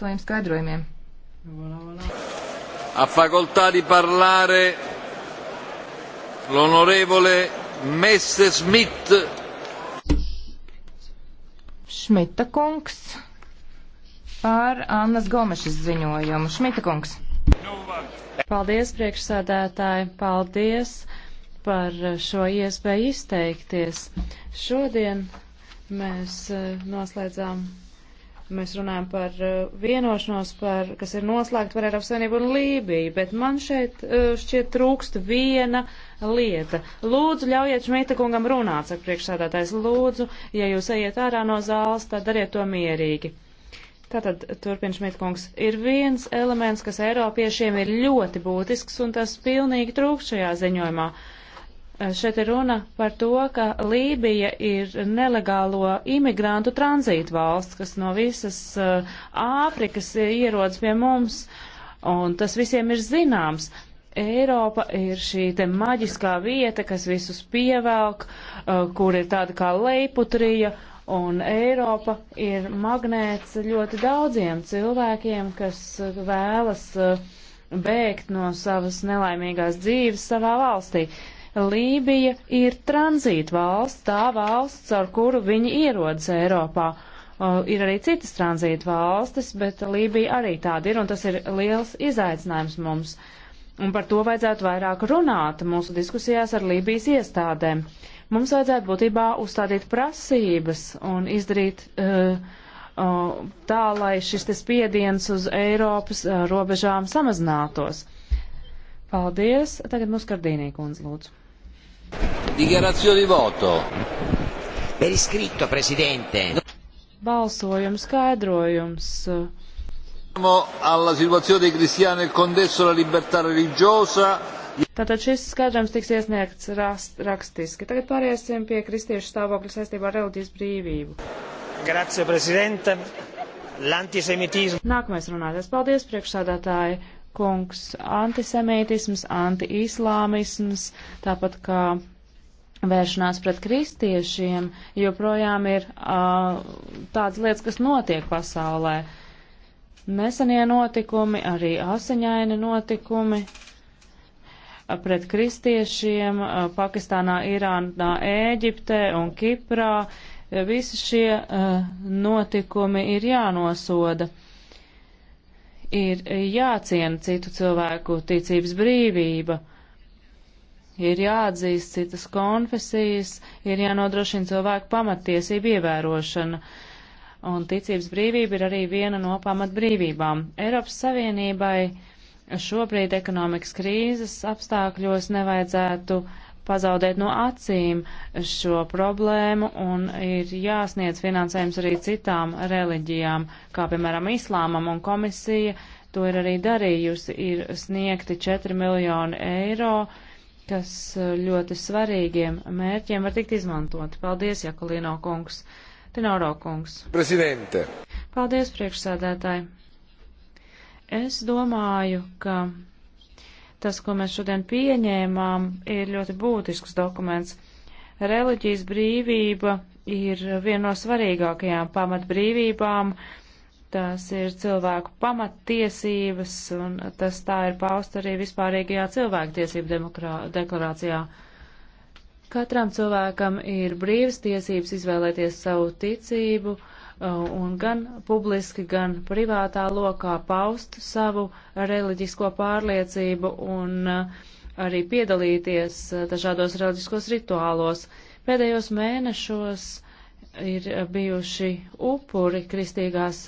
saviem skaidrojumiem. A facoltā di parlare l'onorevole Messerschmitt. Šmita kungs par Annas Gomešas ziņojumu. Šmita kungs. Paldies, priekšsēdētāji, paldies par šo iespēju izteikties. Šodien mēs eh, noslēdzām Mēs runājam par eh, vienošanos, par, kas ir noslēgta par Eiropas Savienību un Lībiju, bet man šeit eh, šķiet trūkst viena lieta. Lūdzu, ļaujiet Šmita kungam runāt, saka priekšsādātājs. Lūdzu, ja jūs ejiet ārā no zāles, tad dariet to mierīgi. Tātad, turpin Šmita kungs, ir viens elements, kas Eiropiešiem ir ļoti būtisks, un tas pilnīgi trūkst šajā ziņojumā. Uh, Šeit ir runa par to, ka Lībija ir nelegālo imigrantu tranzītu valsts, kas no visas uh, Āfrikas ierodas pie mums, un tas visiem ir zināms. Eiropa ir šī te maģiskā vieta, kas visus pievelk, uh, kur ir tāda kā leiputrija, un Eiropa ir magnēts ļoti daudziem cilvēkiem, kas uh, vēlas bēgt no savas nelaimīgās dzīves savā valstī. Uh, Lībija ir tranzīta valsts, tā valsts, ar kuru viņi ierodas Eiropā. Uh, ir arī citas tranzīta valstis, bet Lībija arī tāda ir, un tas ir liels izaicinājums mums. Un par to vajadzētu vairāk runāt mūsu diskusijās ar Lībijas iestādēm. Mums vajadzētu būtībā uzstādīt prasības un izdarīt uh, uh, tā, lai šis spiediens uz Eiropas uh, robežām samazinātos. Paldies. Tagad mums kardīnī kundze lūdzu. Dichiarazione di voto. Per iscritto, Presidente. Balsojums skaidrojums. Siamo alla situazione dei cristiani nel contesto della libertà religiosa. Tātad šis skaidrojums tiks iesniegts rast, rakstiski. Tagad pāriesim pie kristiešu stāvokļa saistībā ar reliģijas brīvību. Grazie, prezidente. L'antisemitismu. Nākamais runātājs. Paldies, priekšsādātāji kungs, antisemītisms, antiislāmisms, tāpat kā vēršanās pret kristiešiem, joprojām ir uh, tādas lietas, kas notiek pasaulē. Nesenie notikumi, arī asiņaini notikumi pret kristiešiem uh, Pakistānā, Irānā, Ēģiptē un Kiprā. Visi šie uh, notikumi ir jānosoda. Uh, ir jāciena citu cilvēku ticības brīvība, ir jāatzīst citas konfesijas, ir jānodrošina cilvēku pamattiesību ievērošana. Un ticības brīvība ir arī viena no pamatbrīvībām. Eiropas Savienībai šobrīd ekonomikas krīzes apstākļos nevajadzētu uh, pazaudēt no acīm šo problēmu un ir jāsniedz finansējums arī citām reliģijām, kā piemēram islāmam un komisija. To ir arī darījusi, ir sniegti 4 miljoni eiro, kas eh, ļoti svarīgiem mērķiem var tikt izmantot. Paldies, Jakulino kungs. Tenoro kungs. Prezidente. Paldies, priekšsēdētāji. Es domāju, ka Tas, ko mēs šodien pieņēmām, ir ļoti būtisks dokuments. Reliģijas brīvība ir viena no svarīgākajām pamatbrīvībām. Tas ir cilvēku pamattiesības, un tas tā ir paust arī vispārīgajā cilvēktiesību deklarācijā. Katram cilvēkam ir brīvas tiesības izvēlēties savu ticību, uh, Uh, un gan publiski, gan privātā lokā paust savu reliģisko pārliecību un uh, arī piedalīties uh, dažādos reliģiskos rituālos. Pēdējos mēnešos ir bijuši upuri kristīgās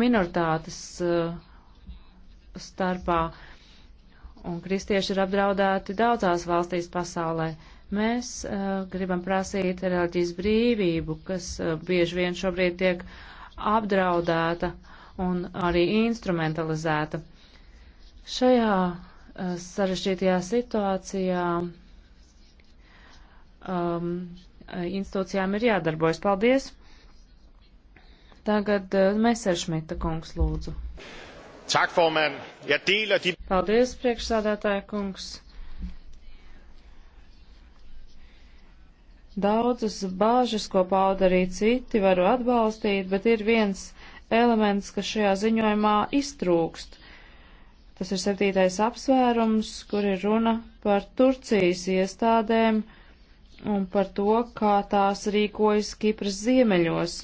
minoritātes starpā, un kristieši ir apdraudēti daudzās valstīs pasaulē. Mēs uh, gribam prasīt reliģijas brīvību, kas uh, bieži vien šobrīd tiek apdraudēta un arī instrumentalizēta. Šajā uh, sarežģītajā situācijā um, institūcijām ir jādarbojas. Paldies! Tagad uh, Meseršmita kungs lūdzu. Tak, formand. Jeg deler dit. Paldies, priekšsādātāja kungs. Daudzas bāžas, ko pauda arī citi, varu atbalstīt, bet ir viens elements, kas šajā ziņojumā iztrūkst. Tas ir septītais apsvērums, kur ir runa par Turcijas iestādēm un par to, kā tās rīkojas Kipras ziemeļos.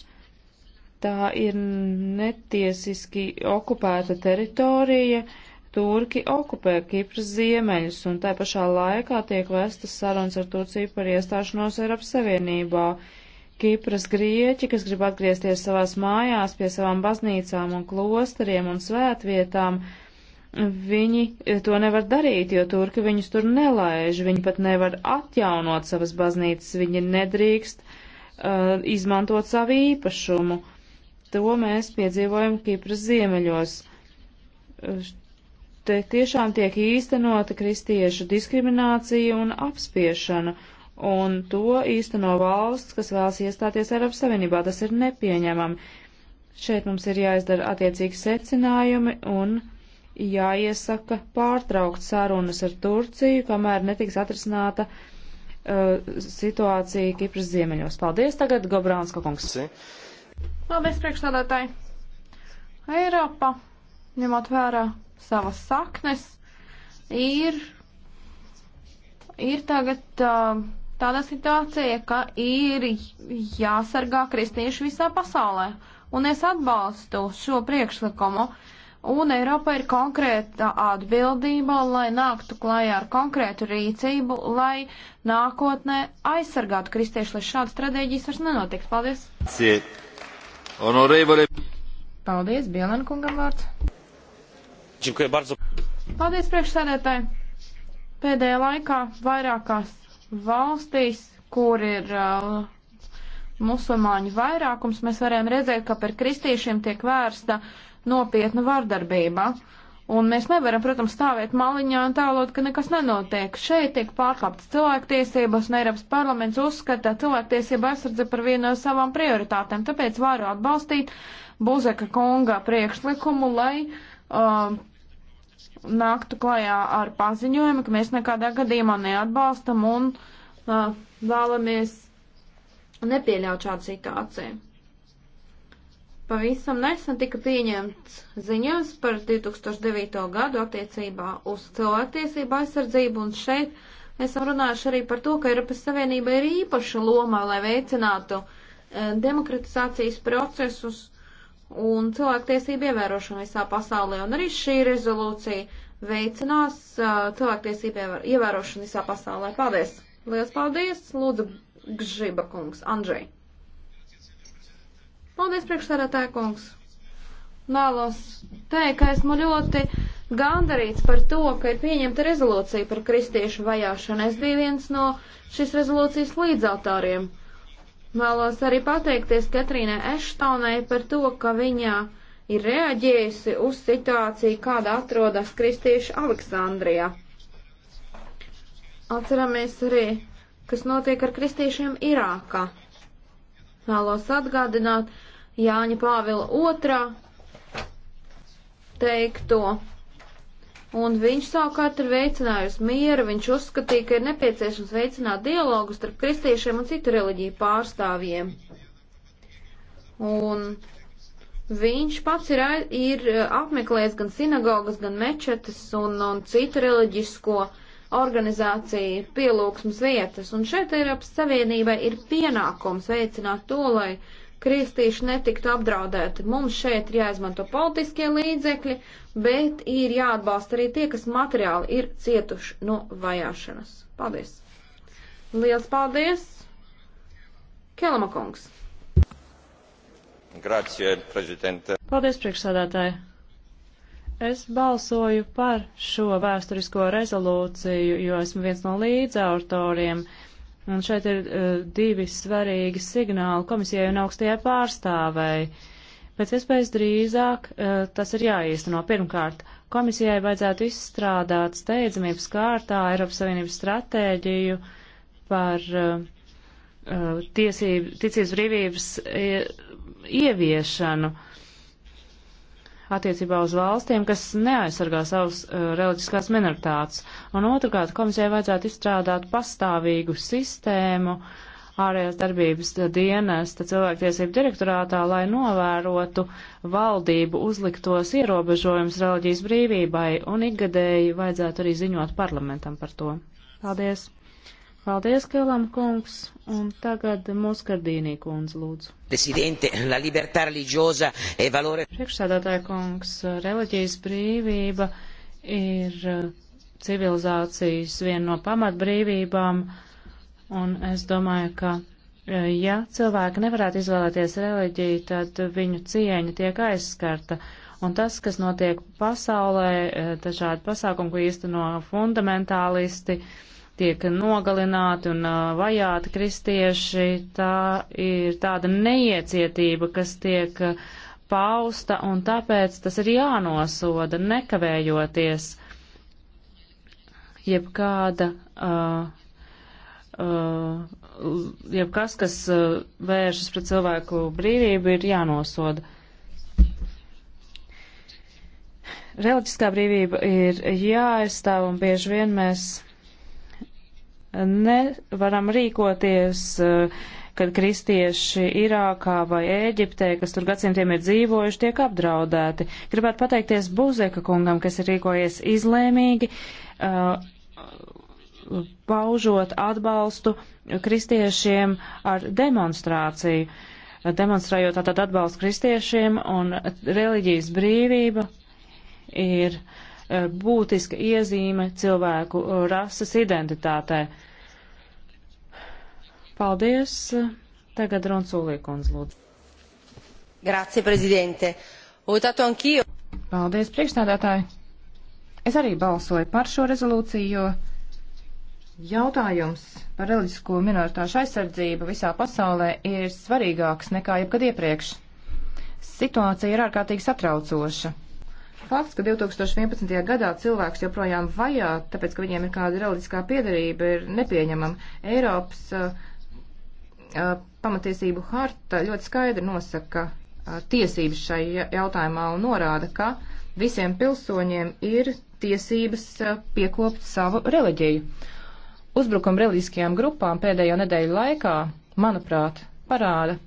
Tā ir netiesiski okupēta teritorija, uh, Turki okupē Kipras ziemeļus un tai pašā laikā tiek vestas sarunas ar Turciju par iestāšanos Eiropas Savienībā. Kipras grieķi, kas grib atgriezties savās mājās pie savām baznīcām un klosteriem un svētvietām, viņi to nevar darīt, jo turki viņus tur nelaiž, viņi pat nevar atjaunot savas baznīcas, viņi nedrīkst uh, izmantot savu īpašumu. To mēs piedzīvojam Kipras ziemeļos te tiešām tiek īstenota kristiešu diskriminācija un apspiešana, un to īsteno valsts, kas vēlas iestāties Eiropas Savienībā. Tas ir nepieņemami. Šeit mums ir jāizdara attiecīgi secinājumi un jāiesaka pārtraukt sarunas ar Turciju, kamēr netiks atrisināta uh, situācija Kipras ziemeļos. Paldies tagad, Gobrānska kungs. Paldies, priekšstādātāji. Eiropa, ņemot vērā savas saknes, ir, ir tagad uh, tāda situācija, ka ir jāsargā kristieši visā pasaulē. Un es atbalstu šo priekšlikumu. Un Eiropa ir konkrēta atbildība, lai nāktu klajā ar konkrētu rīcību, lai nākotnē aizsargātu kristiešu, lai šādas stratēģijas vairs nenotiks. Paldies! Paldies, Bielankungam vārds! Paldies, priekšsēdētāji! Pēdējā laikā vairākās valstīs, kur ir uh, musulmaņu vairākums, mēs varējām redzēt, ka par kristiešiem tiek vērsta nopietna vardarbība. Un mēs nevaram, protams, stāvēt maliņā un tālot, ka nekas nenotiek. Šeit tiek pārkāptas cilvēktiesības, un Eiropas parlaments uzskata cilvēktiesība aizsardze par vienu no savām prioritātēm. Tāpēc varu atbalstīt Buzeka kunga priekšlikumu, lai uh, nāktu klajā ar paziņojumu, ka mēs nekādā gadījumā neatbalstam un uh, vēlamies nepieļaut šādu situāciju. Pavisam nesen tika pieņemts ziņojums par 2009. gadu attiecībā uz cilvēktiesību aizsardzību, un šeit esam runājuši arī par to, ka Eiropas Savienība ir īpaša loma, lai veicinātu eh, demokratizācijas procesus un cilvēktiesību ievērošanu visā pasaulē. Un arī šī rezolūcija veicinās uh, cilvēktiesību ievērošanu visā pasaulē. Paldies! Lielas paldies! Lūdzu, Gžiba kungs, Andžei! Paldies, priekšsēdētāja kungs! Vēlos teikt, ka esmu ļoti gandarīts par to, ka ir pieņemta rezolūcija par kristiešu vajāšanu. Es biju viens no šīs rezolūcijas līdzautoriem. Uh, Vēlos arī pateikties Katrīnai Eštaunai par to, ka viņa ir reaģējusi uz situāciju, kāda atrodas kristieši Aleksandrijā. Atceramies arī, kas notiek ar kristiešiem Irākā. Vēlos atgādināt Jāņa Pāvila II teikto Un viņš savukārt ir veicinājis mieru, viņš uzskatīja, ka ir nepieciešams veicināt dialogu starp kristiešiem un citu reliģiju pārstāvjiem. Un viņš pats ir, ir eh, apmeklējis gan sinagogas, gan mečetes un, un citu reliģisko organizāciju pielūgsmas vietas. Un šeit Eiropas Savienībai ir pienākums veicināt to, lai kristieši netiktu apdraudēti. Mums šeit ir jāizmanto politiskie līdzekļi, bet ir jāatbalsta arī tie, kas materiāli ir cietuši no vajāšanas. Paldies! Liels paldies! Kelama kungs! Grācie, prezidente! Paldies, priekšsādātāji! Es balsoju par šo vēsturisko rezolūciju, jo esmu viens no līdzautoriem. autoriem Un šeit ir uh, divi svarīgi signāli komisijai un augstajai pārstāvēji. Pēc iespējas drīzāk uh, tas ir jāīsteno. Pirmkārt, komisijai vajadzētu izstrādāt steidzamības kārtā Eiropas Savienības stratēģiju par uh, tiesību, ticības brīvības ieviešanu. Uh, attiecībā uz valstīm, kas neaizsargā savas uh, eh, reliģiskās minoritātes. Un otrkārt, komisijai vajadzētu izstrādāt pastāvīgu sistēmu ārējās darbības dienesta cilvēktiesību direktorātā, lai novērotu valdību uzliktos ierobežojums reliģijas brīvībai un ikgadēji vajadzētu arī ziņot parlamentam par to. Paldies! Paldies, Kelam kungs, un tagad Muskardīnī kundz lūdzu. Presidente, la libertà religiosa e valore. Priekšsādātāja kungs, reliģijas brīvība ir eh, civilizācijas viena no pamatbrīvībām, un es domāju, ka, eh, ja cilvēki nevarētu izvēlēties reliģiju, tad viņu cieņa tiek aizskarta. Un tas, kas notiek pasaulē, eh, dažādi pasākumi, ko īsteno fundamentālisti, uh, tiek nogalināti un vajāti kristieši, tā ir tāda neiecietība, kas tiek pausta, un tāpēc tas ir jānosoda nekavējoties. Jebkāda, uh, uh, jebkas, kas uh, vēršas pret cilvēku brīvību, ir jānosoda. Reliģiskā brīvība ir jāaizstāv, un bieži vien mēs nevaram rīkoties, eh, kad kristieši Irākā vai Ēģiptē, kas tur gadsimtiem ir dzīvojuši, tiek apdraudēti. Gribētu pateikties Buzeka kungam, kas ir rīkojies izlēmīgi, eh, paužot atbalstu kristiešiem ar demonstrāciju, demonstrējot tātad atbalstu kristiešiem un reliģijas brīvība ir uh, Eh, būtiska iezīme cilvēku eh, rases identitātē. Paldies! Tagad Ronsulīkons lūdzu. Grazie, prezidente. Votato anch'io. Paldies, priekšstādātāji. Es arī balsoju par šo rezolūciju, jo jautājums par reliģisko minoritāšu aizsardzību visā pasaulē ir svarīgāks nekā jebkad iepriekš. Situācija ir ārkārtīgi satraucoša. Fakts, ka 2011. gadā cilvēks joprojām vajā, tāpēc, ka viņiem ir kāda reliģiskā piedarība, ir nepieņemama. Eiropas uh, uh, pamatiesību harta ļoti skaidri nosaka uh, tiesības šai jautājumā un norāda, ka visiem pilsoņiem ir tiesības uh, piekopt savu reliģiju. Uzbrukumi reliģiskajām grupām pēdējo nedēļu laikā, manuprāt, parāda,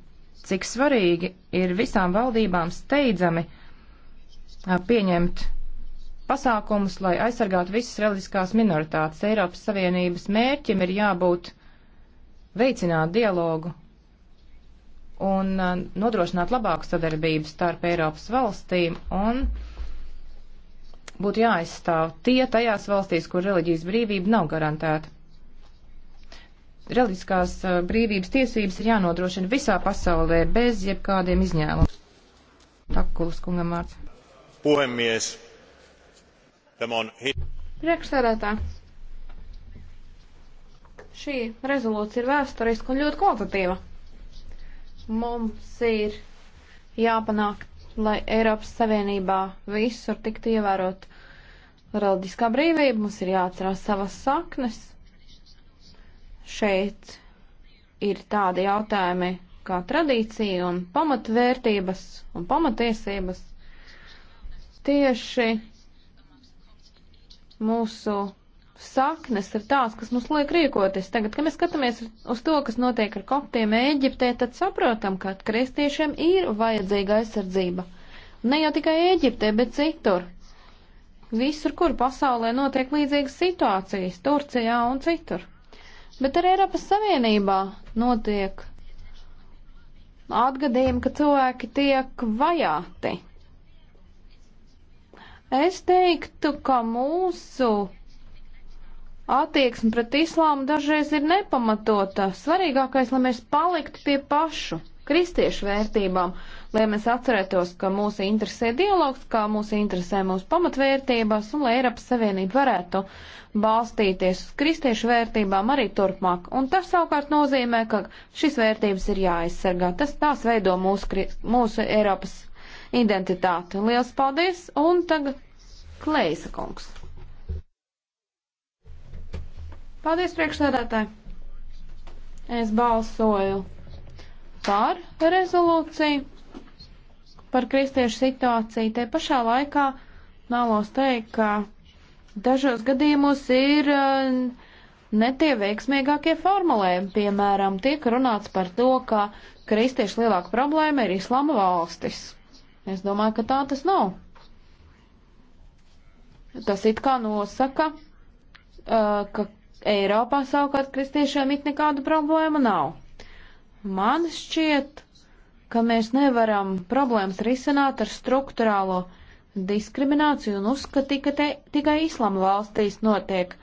cik svarīgi ir visām valdībām steidzami uh, pieņemt pasākumus, lai aizsargātu visas reliģiskās minoritātes. Eiropas Savienības mērķim ir jābūt veicināt dialogu un nodrošināt labāku sadarbību starp Eiropas valstīm un būtu jāaizstāv tie tajās valstīs, kur reliģijas brīvība nav garantēta. Reliģiskās brīvības tiesības ir jānodrošina visā pasaulē bez jebkādiem izņēmumiem. Takulas kungam vārds puhemies tämä on Priekšsēdētā. Šī rezolūcija ir vēsturiska un ļoti kvalitatīva. Mums ir jāpanāk, lai Eiropas Savienībā visur tiktu ievērot reliģiskā brīvība, mums ir jāatcerās savas saknes. Šeit ir tādi jautājumi kā tradīcija un pamatvērtības un pamatiesības tieši mūsu saknes ir tās, kas mums liek rīkoties. Tagad, kad mēs skatāmies uz to, kas notiek ar koptiem Ēģiptē, tad saprotam, ka kristiešiem ir vajadzīga aizsardzība. Ne jau tikai Ēģiptē, bet citur. Visur, kur pasaulē notiek līdzīgas situācijas, Turcijā un citur. Bet arī Eiropas Savienībā notiek atgadījumi, ka cilvēki tiek vajāti. Es teiktu, ka mūsu attieksme pret islāmu dažreiz ir nepamatota. Svarīgākais, lai mēs paliktu pie pašu kristiešu vērtībām, lai mēs atcerētos, ka mūsu interesē dialogs, kā mūsu interesē mūsu pamatvērtībās un lai Eiropas Savienība varētu balstīties uz kristiešu vērtībām arī turpmāk. Un tas savukārt nozīmē, ka šis vērtības ir jāaizsargā. Tas tās veido mūsu, mūsu Eiropas identitāti. Lielas paldies! Un tagad Kleisa kungs. Paldies, priekšsēdētāji! Es balsoju par rezolūciju par kristiešu situāciju. Te pašā laikā vēlos teikt, ka dažos gadījumos ir eh, ne tie veiksmīgākie formulējumi. Piemēram, tiek runāts par to, ka kristiešu lielāka problēma ir islāma valstis. Es domāju, ka tā tas nav. Tas it kā nosaka, uh, ka Eiropā savukārt kristiešiem it nekāda problēma nav. Man šķiet, ka mēs nevaram problēmas risināt ar struktūrālo diskrimināciju un uzskatīt, ka te, tikai islama valstīs notiek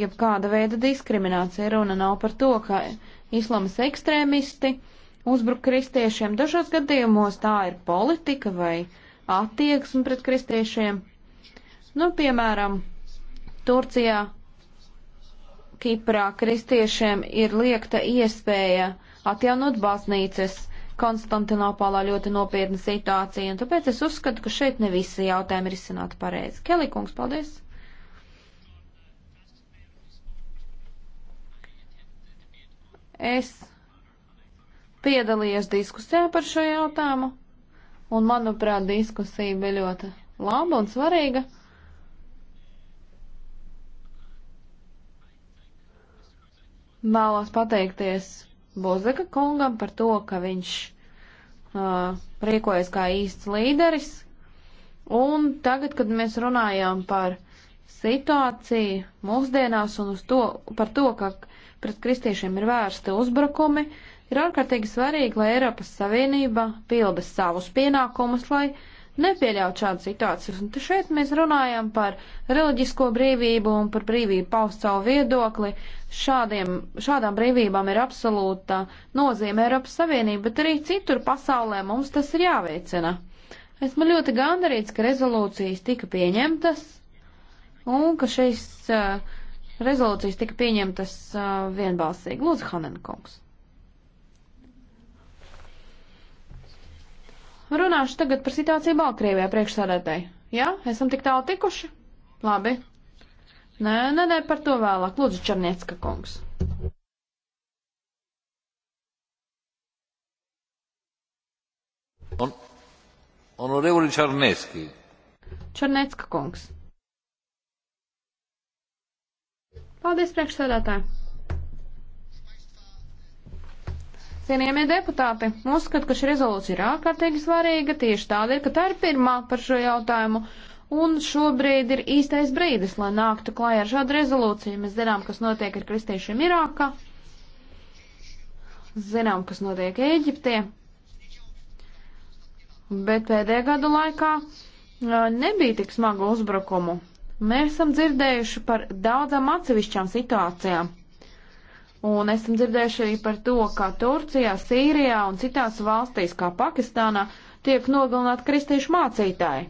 jebkāda veida diskriminācija. Runa nav par to, ka islamas ekstrēmisti uh, uzbruk kristiešiem. Dažos gadījumos tā ir politika vai attieksme pret kristiešiem. Nu, piemēram, Turcijā, Kiprā kristiešiem ir liekta iespēja atjaunot baznīcas. Konstantinopolā ļoti nopietna situācija, un tāpēc es uzskatu, ka šeit ne visi jautājumi ir izsināti pareizi. Kelikungs, paldies! Es piedalījies diskusijā par šo jautājumu, un manuprāt, diskusija bija ļoti laba un svarīga. Vēlos pateikties Bozeka kungam par to, ka viņš uh, rīkojas kā īsts līderis. Un tagad, kad mēs runājām par situāciju mūsdienās un to, par to, ka pret kristiešiem ir vērsti uzbrukumi, uh, Ir ārkārtīgi svarīgi, lai Eiropas Savienība pilda savus pienākumus, lai nepieļaut šādas situācijas. Un šeit mēs runājam par reliģisko brīvību un par brīvību paust savu viedokli. Šādiem, šādām brīvībām ir absolūta nozīme Eiropas Savienība, bet arī citur pasaulē mums tas ir jāveicina. Esmu ļoti gandarīts, ka rezolūcijas tika pieņemtas un ka šīs uh, rezolūcijas tika pieņemtas uh, vienbalsīgi. Lūdzu, Hanenkungs. runāšu tagad par situāciju Baltkrievijā priekšsādētāji. Jā, ja? esam tik tālu tikuši? Labi. Nē, nē, nē, par to vēlāk. Lūdzu, Černiecka kungs. On, onorevoli Černiecki. Černiecka kungs. Paldies, priekšsēdētāji. Cienījamie deputāti, uzskatu, ka šī rezolūcija ir ārkārtīgi svarīga tieši tādēļ, ka tā ir pirmā par šo jautājumu. Un šobrīd ir īstais brīdis, lai nāktu klājā ar šādu rezolūciju. Mēs zinām, kas notiek ar kristiešiem Irākā, zinām, kas notiek Ēģiptē, bet pēdējā gada laikā nebija tik smagu uzbrukumu. Mēs esam dzirdējuši par daudzām atsevišķām situācijām Un esam dzirdējuši arī par to, kā Turcijā, Sīrijā un citās valstīs, kā Pakistānā, tiek nogalināti kristiešu mācītāji.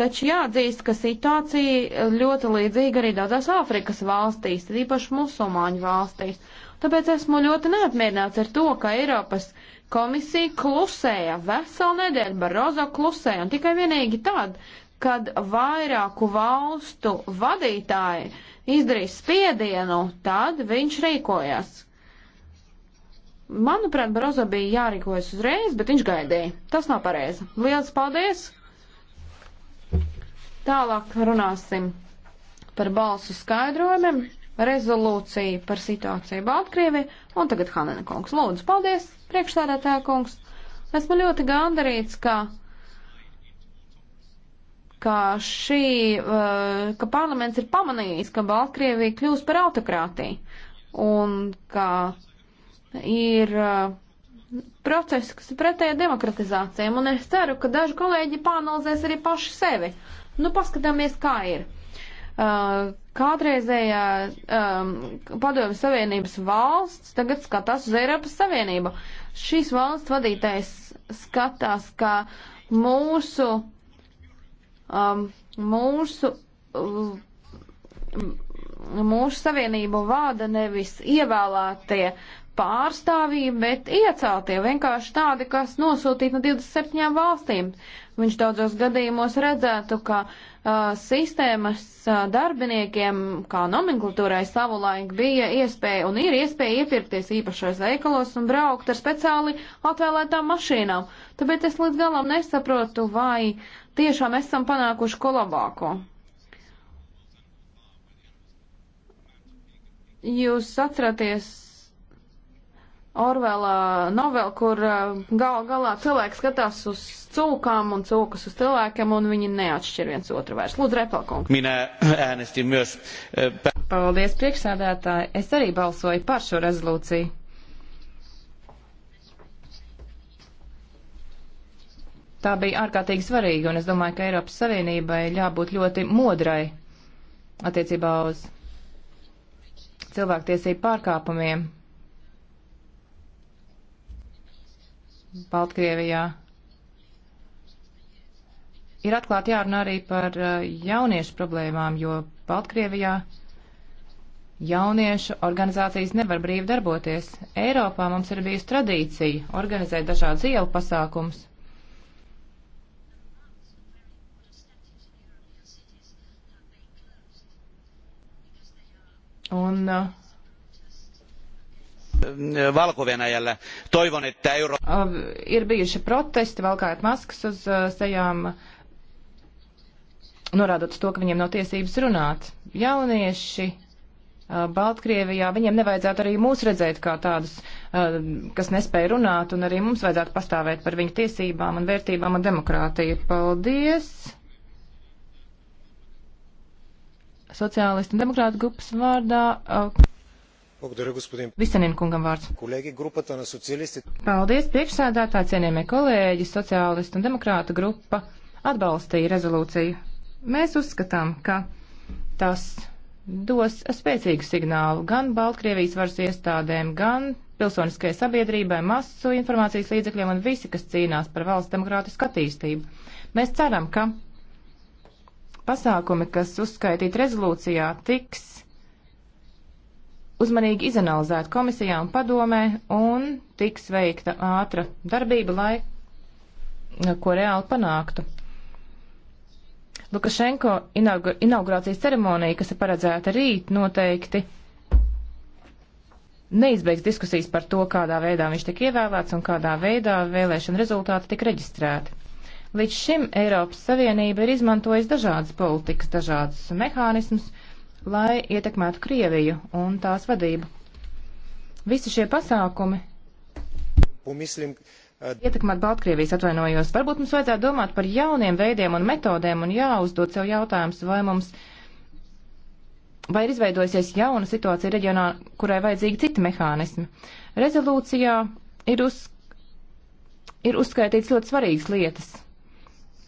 Taču jāatzīst, ka situācija ļoti līdzīga arī daudzās Āfrikas valstīs, īpaši musulmaņu valstīs. Tāpēc esmu ļoti neapmierināts ar to, ka Eiropas komisija klusēja veselu nedēļu, Barozo klusēja, un tikai vienīgi tad, kad vairāku valstu vadītāji uh, izdarīs spiedienu, tad viņš rīkojās. Manuprāt, Barozo bija jārīkojas uzreiz, bet viņš gaidīja. Tas nav pareizi. Lielas paldies! Tālāk runāsim par balsu skaidrojumiem, rezolūciju par situāciju Baltkrievi, un tagad Hanena kungs. Lūdzu, paldies, priekšstādātāja kungs! Esmu ļoti gandarīts, ka ka šī, eh, ka parlaments ir pamanījis, ka Baltkrievija kļūs par autokrātiju un ka ir eh, process, kas ir pretēja demokratizācijām, un es ceru, ka daži kolēģi pāanalizēs arī paši sevi. Nu, paskatāmies, kā ir. Eh, kādreizējā um, padomju savienības valsts tagad skatās uz Eiropas Savienību. Šīs valsts vadītājs skatās, ka mūsu um, mūsu, um, mūsu savienību vada nevis ievēlētie pārstāvji, bet ieceltie, vienkārši tādi, kas nosūtīti no 27 valstīm. Viņš daudzos gadījumos redzētu, ka uh, sistēmas uh, darbiniekiem, kā nomenklatūrai savulaik, bija iespēja un ir iespēja iepirkties īpašais veikalos un braukt ar speciāli atvēlētām mašīnām. Tāpēc es līdz galam nesaprotu, vai uh, tiešām esam panākuši ko labāko. Jūs atceraties Orvela novelu, kur uh, gal galā cilvēks skatās uz cūkām un cūkas uz cilvēkiem, un viņi neatšķir viens otru vairs. Lūdzu, repelkungs. Minē ēnestim jūs. Eh, Paldies, priekšsēdētāji. Es arī balsoju par šo rezolūciju. tā bija ārkārtīgi svarīga, un es domāju, ka Eiropas Savienībai jābūt ļoti modrai attiecībā uz cilvēktiesību pārkāpumiem Baltkrievijā. Ir atklāti jārunā arī par uh, jauniešu problēmām, jo Baltkrievijā jauniešu organizācijas nevar brīvi darboties. Eiropā mums ir bijusi tradīcija organizēt dažādas ielu pasākumus. Un, äh, valko -Venäjällä. Toivon, että Euro... Äh, äh, ir bijuši protesti, valkājot maskas uz sejām, norādot to, ka viņiem nav tiesības runāt. Jaunieši Baltkrievijā, viņiem nevajadzētu arī mūs redzēt kā tādus, kas nespēja runāt, un arī mums vajadzētu pastāvēt par viņu tiesībām un vērtībām un demokrātiju. Paldies! sociālistu un demokrātu grupas vārdā. Uh, Благодаря, господин. Visanin kungam vārds. Kolēģi, grupata na socialisti. Paldies, priekšsēdētā, cienījamie kolēģi, sociālistu un demokrātu grupa atbalstīja rezolūciju. Mēs uzskatām, ka tas dos spēcīgu signālu gan Baltkrievijas varas iestādēm, gan pilsoniskajai sabiedrībai, masu informācijas līdzekļiem un visi, kas cīnās par valsts demokrātisku attīstību. Mēs ceram, ka pasākumi, kas uzskaitīti rezolūcijā, tiks uzmanīgi izanalizēti komisijā un padomē un tiks veikta ātra darbība, lai ko reāli panāktu. Lukašenko inaugurācijas ceremonija, kas ir paredzēta rīt, noteikti neizbeigs diskusijas par to, kādā veidā viņš tika ievēlēts un kādā veidā vēlēšana rezultāti tika reģistrēti. Līdz šim Eiropas Savienība ir izmantojusi dažādas politikas, dažādas mehānismus, lai ietekmētu Krieviju un tās vadību. Visi šie pasākumi Pumislim, uh... Eh, ietekmēt Baltkrievijas atvainojos. Varbūt mums vajadzētu domāt par jauniem veidiem un metodēm un jāuzdod sev jautājums, vai mums vai ir izveidojusies jauna situācija reģionā, kurai vajadzīgi citi mehānismi. Rezolūcijā ir, uz, ir uzskaitīts ļoti svarīgas lietas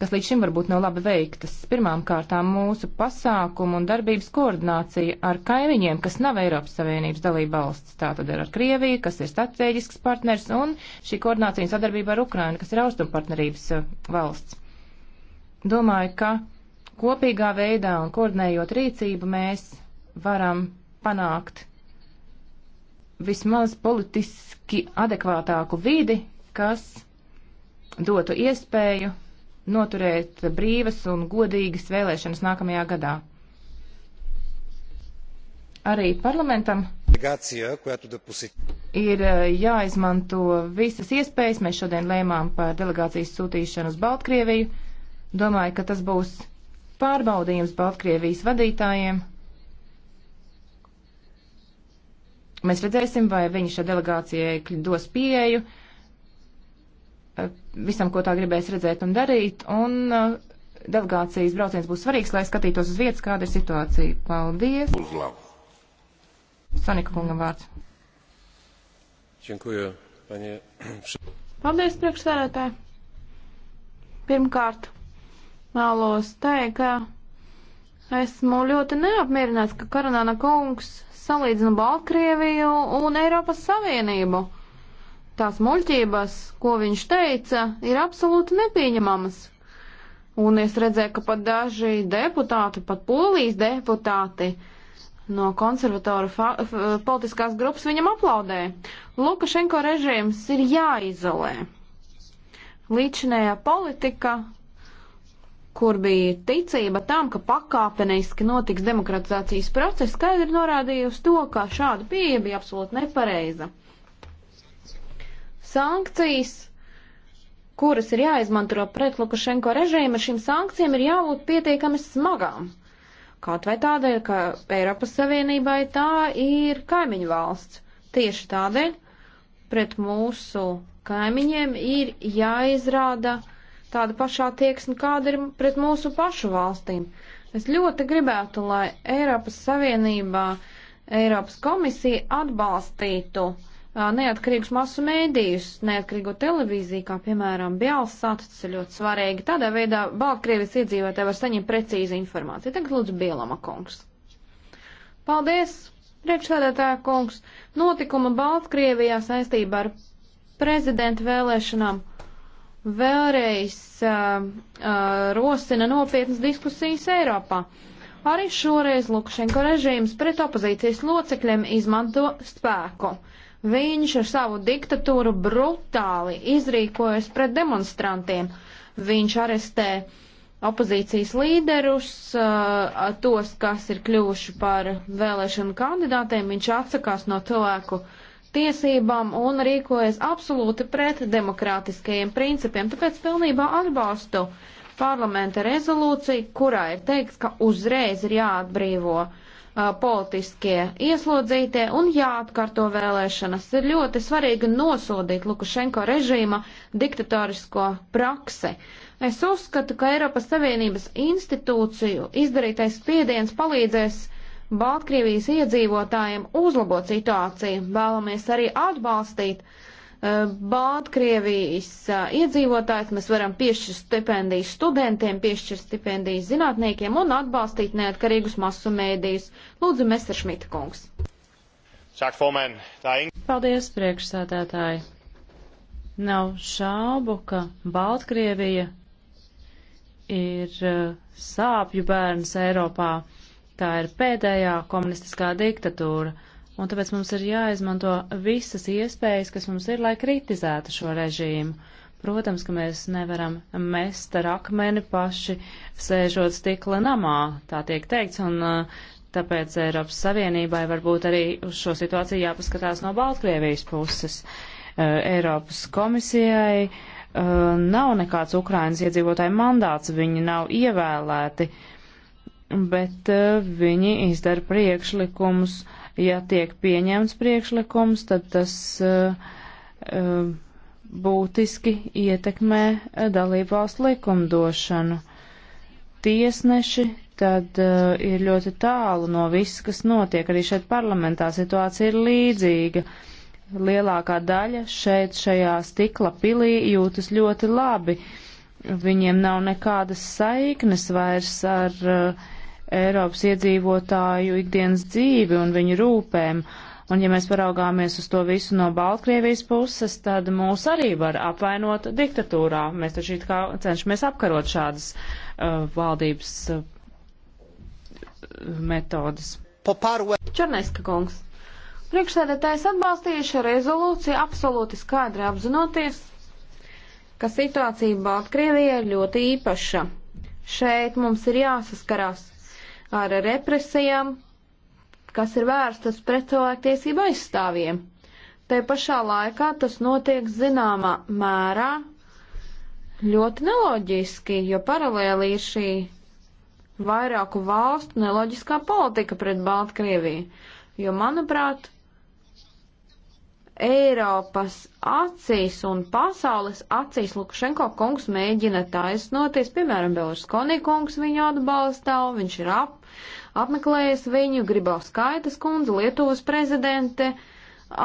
kas līdz šim varbūt nav labi veiktas. Pirmām kārtām mūsu pasākumu un darbības koordinācija ar kaimiņiem, kas nav Eiropas Savienības dalība valsts, tātad ir ar Krieviju, kas ir strateģisks partners, un šī koordinācija un sadarbība ar Ukrainu, kas ir austumpartnerības eh, valsts. Domāju, ka kopīgā veidā un koordinējot rīcību mēs varam panākt vismaz politiski adekvātāku vidi, kas dotu iespēju noturēt brīvas un godīgas vēlēšanas nākamajā gadā. Arī parlamentam ir eh, jāizmanto visas iespējas. Mēs šodien lēmām par delegācijas sūtīšanu uz Baltkrieviju. Domāju, ka tas būs pārbaudījums Baltkrievijas vadītājiem. Mēs redzēsim, vai viņi šai delegācijai dos pieeju. Uh, Eh, visam, ko tā gribēs redzēt un darīt, un eh, delegācijas brauciens būs svarīgs, lai skatītos uz vietas, kāda ir situācija. Paldies! Uzlau! Sonika kungam vārds. Čenkuju, paņē. Paldies, priekšsēdētāji! Pirmkārt, vēlos teikt, ka esmu ļoti neapmierināts, ka Karanāna kungs salīdzina Baltkrieviju un Eiropas Savienību. Uh, tās muļķības, ko viņš teica, ir absolūti nepieņemamas. Un es redzēju, ka pat daži deputāti, pat polijas deputāti no konservatora politiskās grupas viņam aplaudē. Lukašenko režīms ir jāizolē. Līdzinējā politika, kur bija ticība tam, ka pakāpeniski notiks demokratizācijas process, skaidri norādīja uz to, ka šāda pieeja bija absolūti nepareiza sankcijas, kuras ir jāizmanto pret Lukašenko režīmu, šīm sankcijām ir jābūt pietiekami smagām. Kaut vai tādēļ, ka Eiropas Savienībai tā ir kaimiņu valsts. Tieši tādēļ pret mūsu kaimiņiem ir jāizrāda tāda pašā tieksme, kāda ir pret mūsu pašu valstīm. Es ļoti gribētu, lai Eiropas Savienībā Eiropas komisija atbalstītu uh, neatkarīgus masu mēdījus, neatkarīgo televīziju, kā piemēram Bielsāta, tas ir ļoti svarīgi. Tādā veidā Baltkrievis iedzīvotāji var saņemt precīzi informāciju. Tagad lūdzu Bielama kungs. Paldies, priekšsēdētāja kungs. Notikuma Baltkrievijā saistībā ar prezidenta vēlēšanām vēlreiz uh, uh, rosina nopietnas diskusijas Eiropā. Arī šoreiz Lukašenko režīms pret opozīcijas locekļiem izmanto spēku. Uh, Viņš ar savu diktatūru brutāli izrīkojas pret demonstrantiem. Viņš arestē opozīcijas līderus, tos, kas ir kļuvuši par vēlēšanu kandidātiem. Viņš atsakās no cilvēku tiesībām un rīkojas absolūti pret demokrātiskajiem principiem. Tāpēc pilnībā atbalstu parlamenta rezolūciju, kurā ir teikts, ka uzreiz ir jāatbrīvo uh, Uh, politiskie ieslodzītie un jāatkārto vēlēšanas. Ir ļoti svarīgi nosodīt Lukašenko režīma diktatorisko praksi. Es uzskatu, ka Eiropas Savienības institūciju izdarītais spiediens palīdzēs Baltkrievijas iedzīvotājiem uzlabot situāciju. Vēlamies arī atbalstīt uh, Eh, Baltkrievijas eh, iedzīvotājs, mēs varam piešķirt stipendijas studentiem, piešķirt stipendijas zinātniekiem un atbalstīt neatkarīgus masu mēdījus. Lūdzu, Mester Šmita kungs. Er Paldies, priekšsēdētāji. Nav šaubu, ka Baltkrievija ir eh, sāpju bērns Eiropā. Tā ir pēdējā komunistiskā diktatūra Un tāpēc mums ir jāizmanto visas iespējas, kas mums ir, lai kritizētu šo režīmu. Protams, ka mēs nevaram mest ar akmeni paši sēžot stikla namā, tā tiek teikts, un uh, tāpēc Eiropas Savienībai varbūt arī uz šo situāciju jāpaskatās no Baltkrievijas puses. Uh, Eiropas komisijai uh, nav nekāds Ukrainas iedzīvotāju mandāts, viņi nav ievēlēti, bet viņi izdara priekšlikumus uh, Ja tiek pieņemts priekšlikums, tad tas eh, eh, būtiski ietekmē eh, dalībvalstu likumdošanu. Tiesneši tad uh, ir ļoti tālu no viss, kas notiek. Arī šeit parlamentā situācija ir līdzīga. Lielākā daļa šeit šajā stikla pilī jūtas ļoti labi. Viņiem nav nekādas saiknes vairs ar uh, Eiropas iedzīvotāju ikdienas dzīvi un viņu rūpēm. Un ja mēs paraugāmies uz to visu no Baltkrievijas puses, tad mūs arī var apvainot diktatūrā. Mēs taču kā cenšamies apkarot šādas uh, valdības uh, metodas. Černeska kungs. Priekšsēdētājs atbalstīja šo rezolūciju absolūti skaidri apzinoties, ka situācija Baltkrievijā ir ļoti īpaša. Šeit mums ir jāsaskarās ar represijām, kas ir vērstas pret cilvēktiesību aizstāvjiem. Te pašā laikā tas notiek zināmā mērā ļoti neloģiski, jo paralēli ir šī vairāku valstu neloģiskā politika pret Baltkrieviju. Jo, manuprāt, Eiropas acīs un pasaules acīs Lukašenko kungs mēģina taisnoties, piemēram, Beluskoni kungs viņu atbalstā, viņš ir ap, apmeklējis viņu, gribau skaitas kundze, Lietuvas prezidente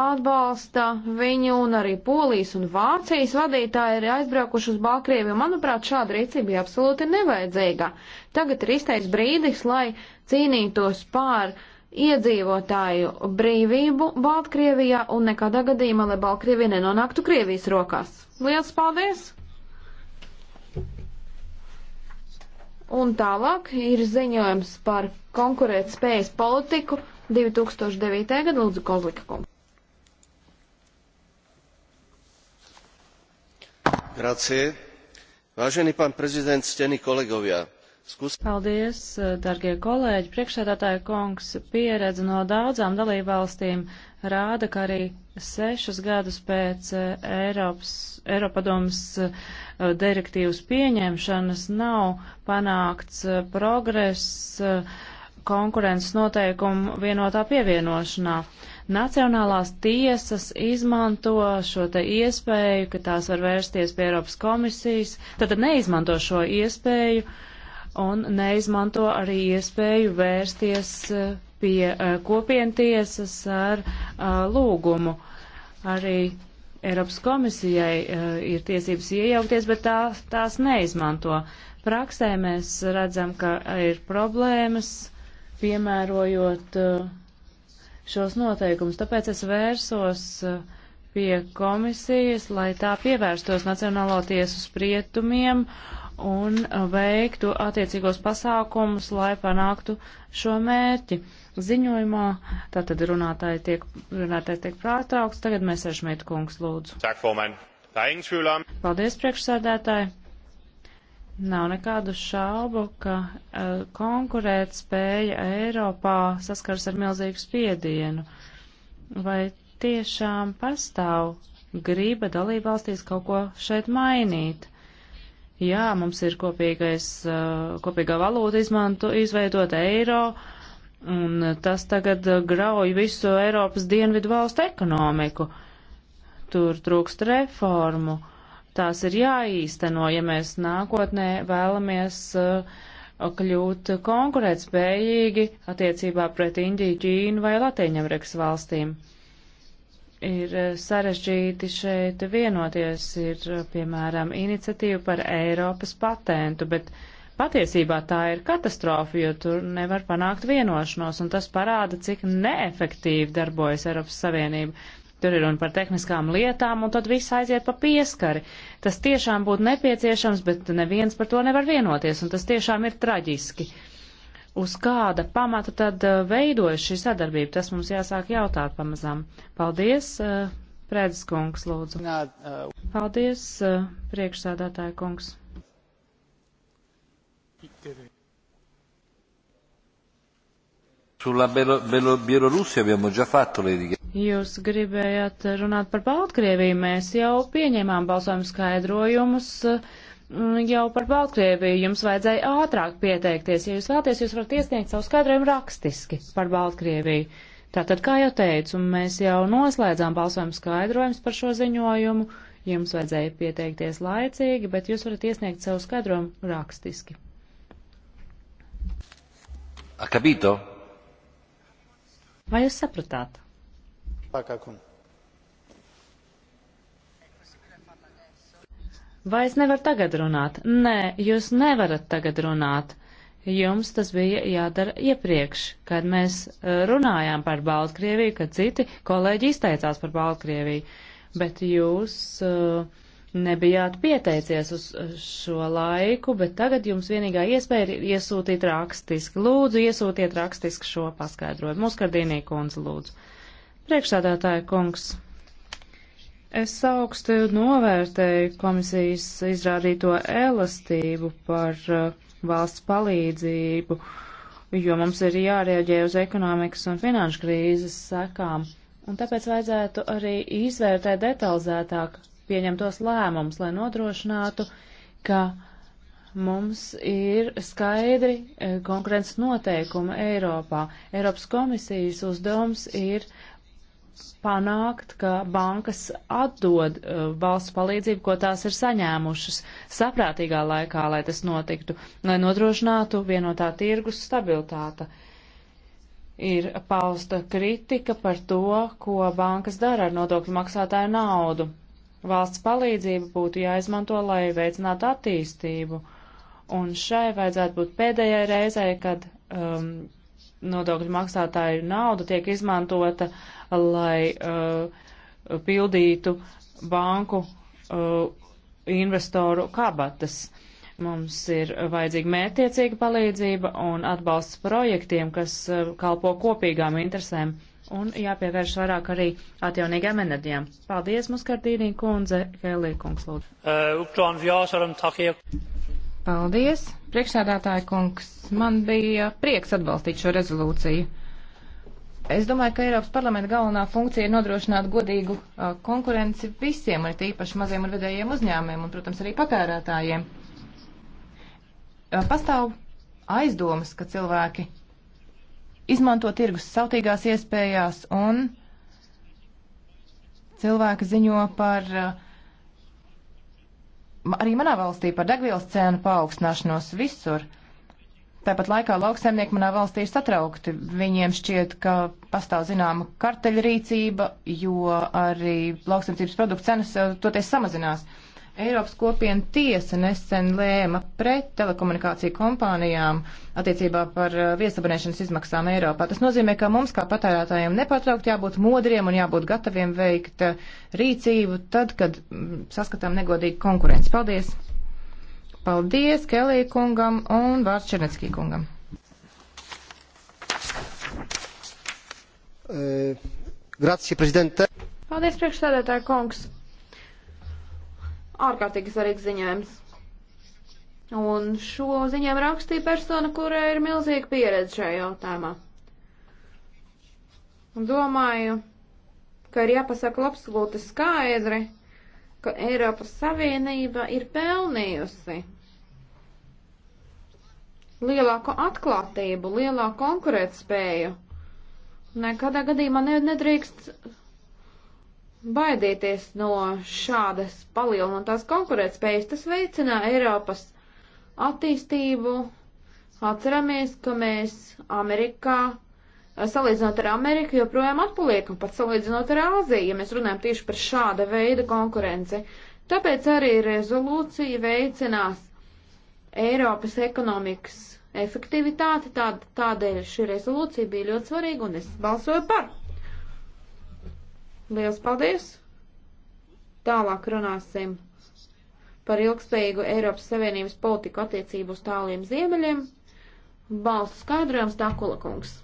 atbalsta viņu un arī Polijas un Vācijas vadītāji ir aizbraukuši uz Balkrieviju. Manuprāt, šāda rīcība ir absolūti nevajadzīga. Tagad ir izteicis brīdis, lai cīnītos pār uh, iedzīvotāju brīvību Baltkrievijā un nekādā gadījumā, lai Baltkrievija nenonāktu Krievijas rokās. Lielas paldies! Un tālāk ir ziņojums par konkurētspējas politiku 2009. gada Lūdzu Kozlika kungu. Grazie. Vážený pán prezident, stení kolegovia, Skus. Paldies, dargie kolēģi. Priekšsēdētāja kungs pieredze no daudzām dalībvalstīm rāda, ka arī sešus gadus pēc eh, Eiropas, Eiropadomas eh, direktīvas pieņemšanas nav panākts eh, progress konkurences noteikumu vienotā pievienošanā. Nacionālās tiesas izmanto šo te iespēju, ka tās var vērsties pie Eiropas komisijas, tad neizmanto šo iespēju uh, un neizmanto arī iespēju vērsties eh, pie eh, kopientiesas ar eh, lūgumu. Arī Eiropas komisijai ir tiesības iejaukties, bet tā, tās neizmanto. Praksē mēs redzam, ka ir problēmas piemērojot šos noteikumus. Tāpēc es vērsos pie komisijas, lai tā pievērstos Nacionālo tiesu sprietumiem un veiktu attiecīgos pasākumus, lai panāktu šo mērķi. Ziņojumā tātad runātāji tiek, runātāji tiek pārtraukts. Tagad mēs ar Šmita kungs lūdzu. Paldies, priekšsēdētāji. Nav nekādu šaubu, ka uh, konkurēt spēja Eiropā saskars ar milzīgu spiedienu. Vai tiešām pastāv griba dalībvalstīs kaut ko šeit mainīt? Jā, mums ir kopīgais, uh, kopīgā valūta izmanto, izveidot eiro, un tas tagad grauj visu Eiropas dienvidu valstu ekonomiku. Tur trūkst reformu. Tās ir jāīsteno, ja mēs nākotnē vēlamies uh, kļūt konkurētspējīgi attiecībā pret Indiju, Ķīnu vai Latīņamerikas valstīm ir eh, sarežģīti šeit vienoties. Ir, eh, piemēram, iniciatīva par Eiropas patentu, bet patiesībā tā ir katastrofa, jo tur nevar panākt vienošanos, un tas parāda, cik neefektīvi darbojas Eiropas Savienība. Tur ir runa par tehniskām lietām, un tad viss aiziet pa pieskari. Tas tiešām būtu nepieciešams, bet neviens par to nevar vienoties, un tas tiešām ir traģiski. Uh, uz kāda pamata tad eh, veidojas šī sadarbība? Tas mums jāsāk jautāt pamazām. Paldies, eh, Prēdes kungs, lūdzu. Eh, Paldies, priekšsādātāja kungs. Sulla Bielorussia abbiamo già fatto le dichiarazioni. Jūs gribējāt runāt par Baltkrieviju. Mēs jau pieņēmām balsojumu skaidrojumus. Uh, jau par Baltkrieviju jums vajadzēja ātrāk pieteikties. Ja jūs vēlaties, jūs varat iesniegt savu skaidrojumu rakstiski par Baltkrieviju. Tātad, kā jau teicu, mēs jau noslēdzām balsojumu skaidrojums par šo ziņojumu. Jums vajadzēja pieteikties laicīgi, bet jūs varat iesniegt savu skaidrojumu rakstiski. Akabito. Vai jūs sapratāt? Pakākumu. Vai es nevaru tagad runāt? Nē, jūs nevarat tagad runāt. Jums tas bija jādara iepriekš, kad mēs eh, runājām par Baltkrieviju, kad citi kolēģi izteicās par Baltkrieviju, bet jūs eh, nebijāt pieteicies uz eh, šo laiku, bet tagad jums vienīgā iespēja ir iesūtīt rakstiski. Lūdzu, iesūtiet rakstiski šo paskaidrojumu. Muskardīnī kundze, lūdzu. Priekšsādātāja kungs. Es augstu novērtēju komisijas izrādīto elastību par uh, valsts palīdzību, jo mums ir jārēģē uz ekonomikas un finanšu krīzes sekām. Un tāpēc vajadzētu arī izvērtēt detalizētāk pieņemtos lēmumus, lai nodrošinātu, ka mums ir skaidri uh, konkurences noteikumi Eiropā. Eiropas komisijas uzdevums ir uh, panākt, ka bankas atdod uh, valsts palīdzību, ko tās ir saņēmušas, saprātīgā laikā, lai tas notiktu, lai nodrošinātu vienotā tirgus stabilitāte. Ir pausta kritika par to, ko bankas dara ar nodokļu maksātāju naudu. Valsts palīdzība būtu jāizmanto, lai veicinātu attīstību. Un šai vajadzētu būt pēdējai reizei, kad um, nodokļu maksātāju nauda tiek izmantota, lai uh, pildītu banku uh, investoru kabatas. Mums ir vajadzīga mērtiecīga palīdzība un atbalsts projektiem, kas uh, kalpo kopīgām interesēm un jāpievērš vairāk arī atjaunīgām enerģijām. Paldies, Muskardīnī kundze, Helī kungs, lūdzu. Uh, Paldies, priekšsēdētāja kungs. Man bija prieks atbalstīt šo rezolūciju. Es domāju, ka Eiropas parlamenta galvenā funkcija ir nodrošināt godīgu uh, konkurenci visiem, arī tīpaši maziem un vidējiem uzņēmumiem un, protams, arī patērētājiem. Uh, pastāv aizdomas, ka cilvēki izmanto tirgus sautīgās iespējās un cilvēki ziņo par uh, arī manā valstī par degvielas cēnu paaugstināšanos visur. Tāpat laikā lauksaimnieki manā valstī ir satraukti. Viņiem šķiet, ka pastāv zināma karteļa rīcība, jo arī lauksaimniecības produktu cenas eh, toties samazinās. Uh, Eiropas kopiena tiesa nesen lēma pret telekomunikāciju kompānijām attiecībā par uh, viesabonēšanas izmaksām Eiropā. Tas nozīmē, ka mums kā patērētājiem nepārtraukt jābūt modriem un jābūt gataviem veikt uh, rīcību tad, kad mm, saskatām negodīgu konkurenci. Paldies! Paldies Kelī kungam un Vārts Černeckī kungam. E, grazie, prezidente. Paldies, priekšsēdētāja kungs ārkārtīgi svarīgs ziņojums. Un šo ziņojumu rakstīja persona, kurai ir milzīga pieredze šajā jautājumā. Un domāju, ka ir jāpasaka absolūti skaidri, ka Eiropas Savienība ir pelnījusi lielāku atklātību, lielāku konkurētspēju. Nekādā gadījumā nedrīkst baidīties no šādas palielinātās konkurētspējas. Tas veicinā Eiropas attīstību. Atceramies, ka mēs Amerikā, salīdzinot ar Ameriku, joprojām atpaliekam, pat salīdzinot ar Āziju, ja mēs runājam tieši par šāda veida konkurenci. Tāpēc arī rezolūcija veicinās Eiropas ekonomikas efektivitāti, tād, tādēļ šī rezolūcija bija ļoti svarīga un es balsoju par. Liels paldies! Tālāk runāsim par ilgspējīgu Eiropas Savienības politiku attiecību uz tāliem ziemeļiem. Balsts skaidrojums Takula kungs.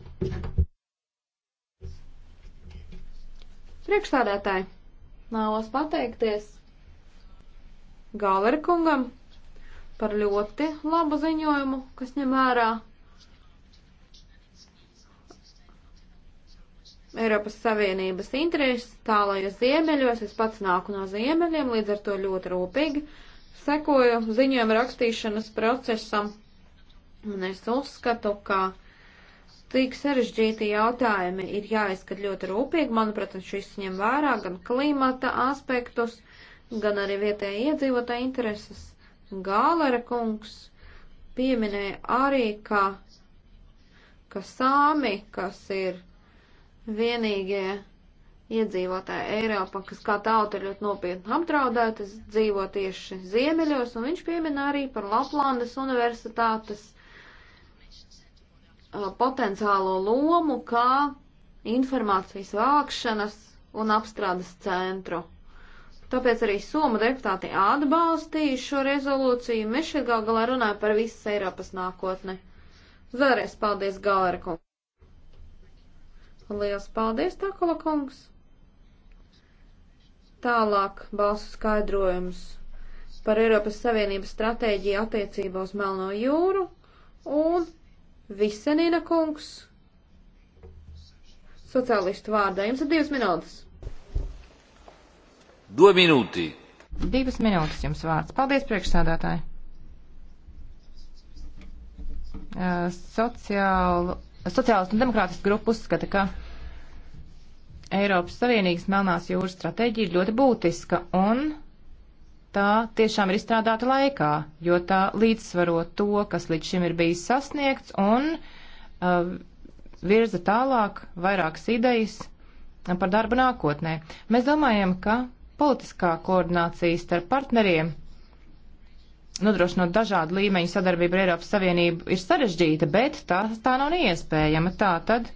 Priekšstādētāji, nālos pateikties Gālera kungam par ļoti labu ziņojumu, kas ņem vērā Eiropas Savienības intereses tālajos ziemeļos, es pats nāku no ziemeļiem, līdz ar to ļoti rūpīgi sekoju ziņojuma rakstīšanas procesam, un es uzskatu, ka tik sarežģīti jautājumi ir jāizskat ļoti rūpīgi. Manuprāt, šis ņem vērā gan klimata aspektus, gan arī vietējā iedzīvotāja intereses. Gālera kungs pieminēja arī, ka, ka sāmi, kas ir vienīgie iedzīvotāji Eiropā, kas kā tauta ir ļoti nopietni apdraudētas, dzīvo tieši ziemeļos, un viņš piemina arī par Laplandes universitātes potenciālo lomu kā informācijas vākšanas un apstrādes centru. Tāpēc arī Somu deputāti atbalstīja šo rezolūciju, mēs šeit gal galā runājam par visas Eiropas nākotni. Vēlreiz paldies Galera kungam! Liels paldies, Takola kungs! Tālāk balsu skaidrojums par Eiropas Savienības stratēģiju attiecībā uz Melno jūru un Visenina kungs sociālistu vārdā. Jums ir divas minūtes. Do minūti. Divas minūtes jums vārds. Paldies, priekšsādātāji. Uh, sociālu Sociālistu un demokrātisku grupu uzskata, ka Eiropas Savienības Melnās jūras stratēģija ir ļoti būtiska un tā tiešām ir izstrādāta laikā, jo tā līdzsvaro to, kas līdz šim ir bijis sasniegts un uh, virza tālāk vairākas idejas par darbu nākotnē. Mēs domājam, ka politiskā koordinācija starp partneriem nodrošinot dažādu līmeņu sadarbību ar Eiropas Savienību ir sarežģīta, bet tā, tā nav neiespējama. Tā tad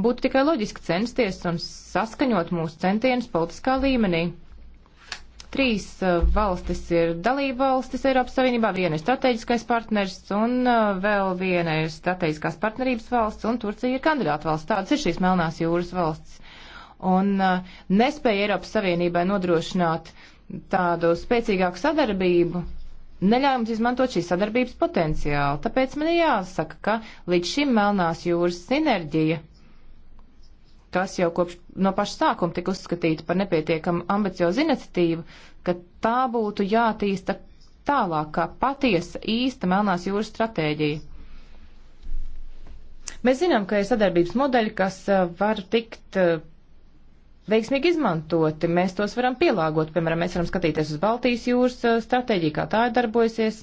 būtu tikai loģiski censties un saskaņot mūsu centienus politiskā līmenī. Trīs uh, valstis ir dalība valstis Eiropas Savienībā, viena ir strateģiskais partners un uh, vēl viena ir strateģiskās partnerības valsts, un Turcija ir kandidāta valsts. Tādas ir šīs Melnās jūras valsts. Un uh, nespēja Eiropas Savienībai nodrošināt uh, tādu spēcīgāku sadarbību neļauj mums izmantot šīs sadarbības potenciālu. Tāpēc man ir jāsaka, ka līdz šim Melnās jūras sinerģija, kas jau kopš no paša sākuma tika uzskatīta par nepietiekam ambiciozu iniciatīvu, ka tā būtu jātīsta tālāk kā patiesa īsta Melnās jūras stratēģija. Mēs zinām, ka ir sadarbības modeļi, kas eh, var tikt eh, veiksmīgi izmantoti. Mēs tos varam pielāgot, piemēram, mēs varam skatīties uz Baltijas jūras uh, stratēģiju, kā tā ir darbojusies.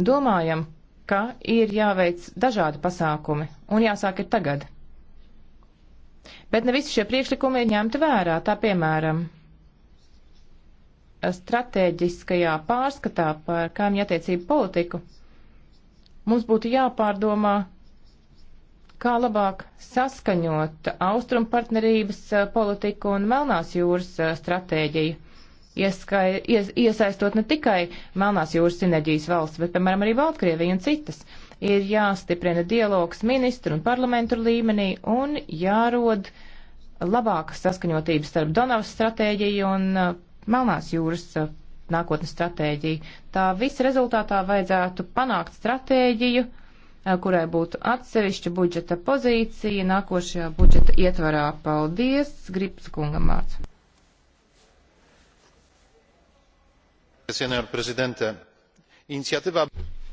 Domājam, ka ir jāveic dažādi pasākumi un jāsāk ir tagad. Bet ne visi šie priekšlikumi ir ņemti vērā, tā piemēram, stratēģiskajā pārskatā par kaimiņu attiecību politiku. Mums būtu jāpārdomā, kā labāk saskaņot austrumu partnerības eh, politiku un Melnās jūras eh, stratēģiju, ieskai, ies, iesaistot ne tikai Melnās jūras sinerģijas valsts, bet, piemēram, arī Baltkrieviju un citas. Ir jāstiprina dialogs ministru un parlamentu līmenī un jārod labāka saskaņotība starp Donavas stratēģiju un eh, Melnās jūras nākotnes stratēģiju. Tā visa rezultātā vajadzētu panākt stratēģiju, Eh, kurai būtu atsevišķa budžeta pozīcija nākošajā budžeta ietvarā. Paldies, Grips kungam vārds.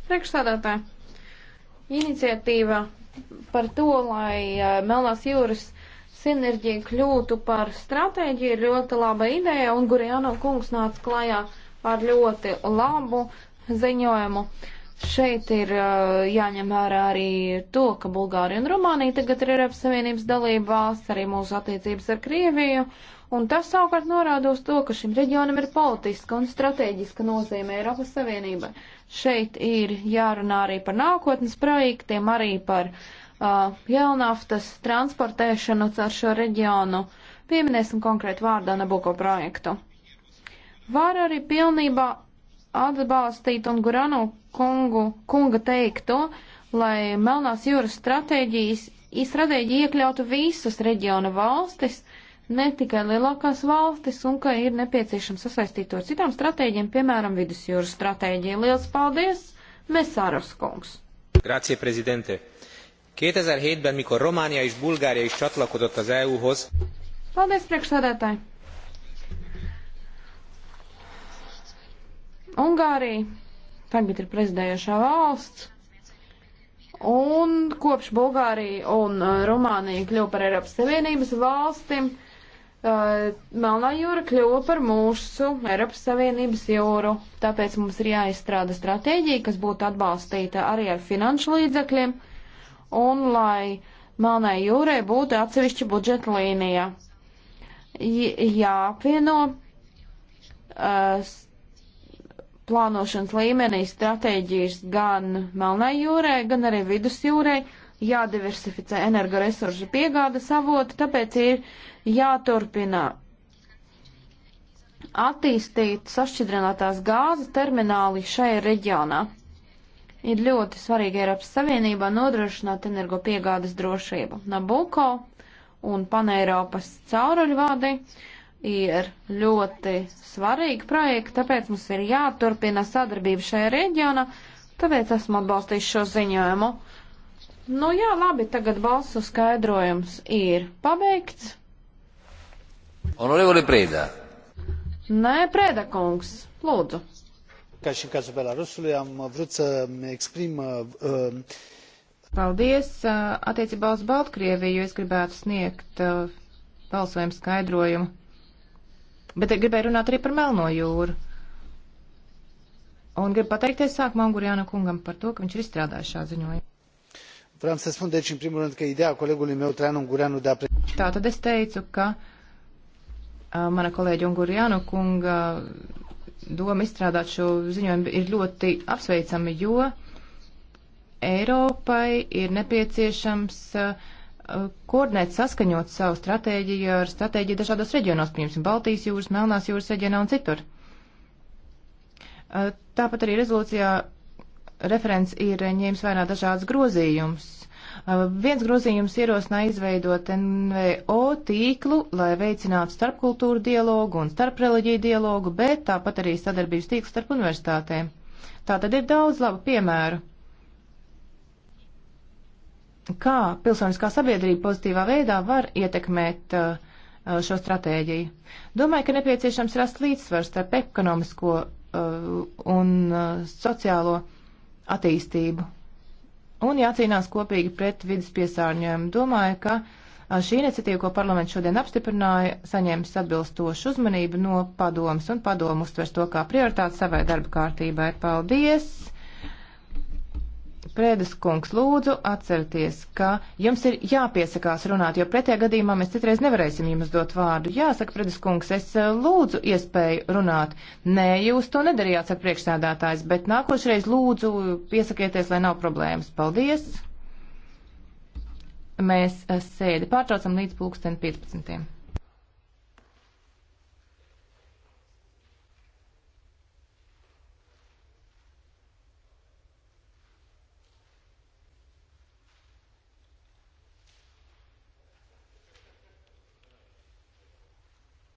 Priekšstādātāji, iniciatīva par to, lai eh, Melnās jūras sinerģija kļūtu par stratēģiju, ir ļoti laba ideja, un Gurjāno kungs nāca klajā ar ļoti labu ziņojumu. Uh, Šeit ir uh, jāņem vērā arī to, ka Bulgārija un Rumānija tagad ir Eiropas Savienības dalība valsts, arī mūsu attiecības ar Krieviju, un tas savukārt norāda uz to, ka šim reģionam ir politiska un strateģiska nozīme Eiropas Savienībai. Šeit ir jārunā arī par nākotnes projektiem, arī par uh, jaunaftas transportēšanu caur šo reģionu. Pieminēsim konkrētu vārdā Nabuko projektu. Var arī pilnībā atbalstītu un Gurano kungu, kunga teikto, lai Melnās jūras stratēģijas stratēģija iekļautu visas reģiona valstis, ne tikai lielākās valstis, un ka ir nepieciešams sasaistīt to ar citām stratēģiem, piemēram, vidusjūras stratēģiju. Liels paldies, Mesāros kungs! Grazie, prezidente! 2007-ben, mikor Románia és Bulgária is csatlakozott az EU-hoz. Paldies, priekšsēdētāji! Ungārija tagad ir prezidējošā valsts. Un kopš Bulgārija un uh, Rumānija kļuva par Eiropas Savienības valstīm, uh, Melnā jūra kļuva par mūsu Eiropas Savienības jūru. Tāpēc mums ir jāizstrāda stratēģija, kas būtu atbalstīta arī ar finanšu līdzekļiem, un lai Melnai jūrai būtu atsevišķa budžeta līnija. J jāapvieno uh, plānošanas līmenī stratēģijas gan Melnai jūrē, gan arī Vidusjūrē jādiversificē energoresursu piegāda savota, tāpēc ir jāturpina attīstīt sašķidrinātās gāzes termināli šajā reģionā. Ir ļoti svarīgi Eiropas Savienībā nodrošināt energopiegādes drošību. Nabuko un Paneiropas cauruļvādi ir ļoti svarīgi projekti, tāpēc mums ir jāturpina sadarbība šajā reģionā, tāpēc esmu atbalstījis šo ziņojumu. Nu jā, labi, tagad balsu skaidrojums ir pabeigts. Honorevoli Prēdā. Nē, Prēdā kungs, lūdzu. Kā šī kāds Belarusului, am vrut să exprim uh, uh Paldies. Uh, attiecībā uz Baltkrieviju es gribētu sniegt uh, balsojumu skaidrojumu. Bet gribēju runāt arī par Melno jūru. Un gribu pateikties sākumā Ungurijāna kungam par to, ka viņš ir izstrādājis šā ziņojumu. Vreau să spun, deci, în primul rând, că ideea colegului meu, Traian Ungureanu, de a... Tātad es teicu, ka mana kolēģa Ungurijānu kunga doma izstrādāt šo ziņojumu ir ļoti apsveicama, jo Eiropai ir nepieciešams uh, koordinēt, saskaņot savu stratēģiju ar stratēģiju dažādos reģionos, piemēram, Baltijas jūras, Melnās jūras reģionā un citur. Eh, tāpat arī rezolūcijā referents ir ņēmis vērā dažādas grozījumus. Eh, viens grozījums ierosināja izveidot NVO tīklu, lai veicinātu starpkultūru dialogu un starpreliģiju dialogu, bet tāpat arī sadarbības tīklu starp universitātēm. Tā tad ir daudz labu piemēru kā pilsoniskā sabiedrība pozitīvā veidā var ietekmēt uh, uh, šo stratēģiju. Domāju, ka nepieciešams rast līdzsvars starp ekonomisko uh, un sociālo attīstību un jācīnās kopīgi pret vidas piesārņojumu. Domāju, ka šī iniciatīva, ko parlaments šodien apstiprināja, saņems atbilstošu uzmanību no padomas un padomu uztvers to kā prioritāti savai darba kārtībai. Paldies! Prēdas kungs, lūdzu atcerieties, ka jums ir jāpiesakās runāt, jo pretējā gadījumā mēs citreiz nevarēsim jums dot vārdu. Jā, saka Prēdas kungs, es eh, lūdzu iespēju runāt. Nē, jūs to nedarījāt, saka priekšsēdētājs, bet nākošreiz lūdzu piesakieties, lai nav problēmas. Paldies! Mēs eh, sēdi pārtraucam līdz pulksten 15.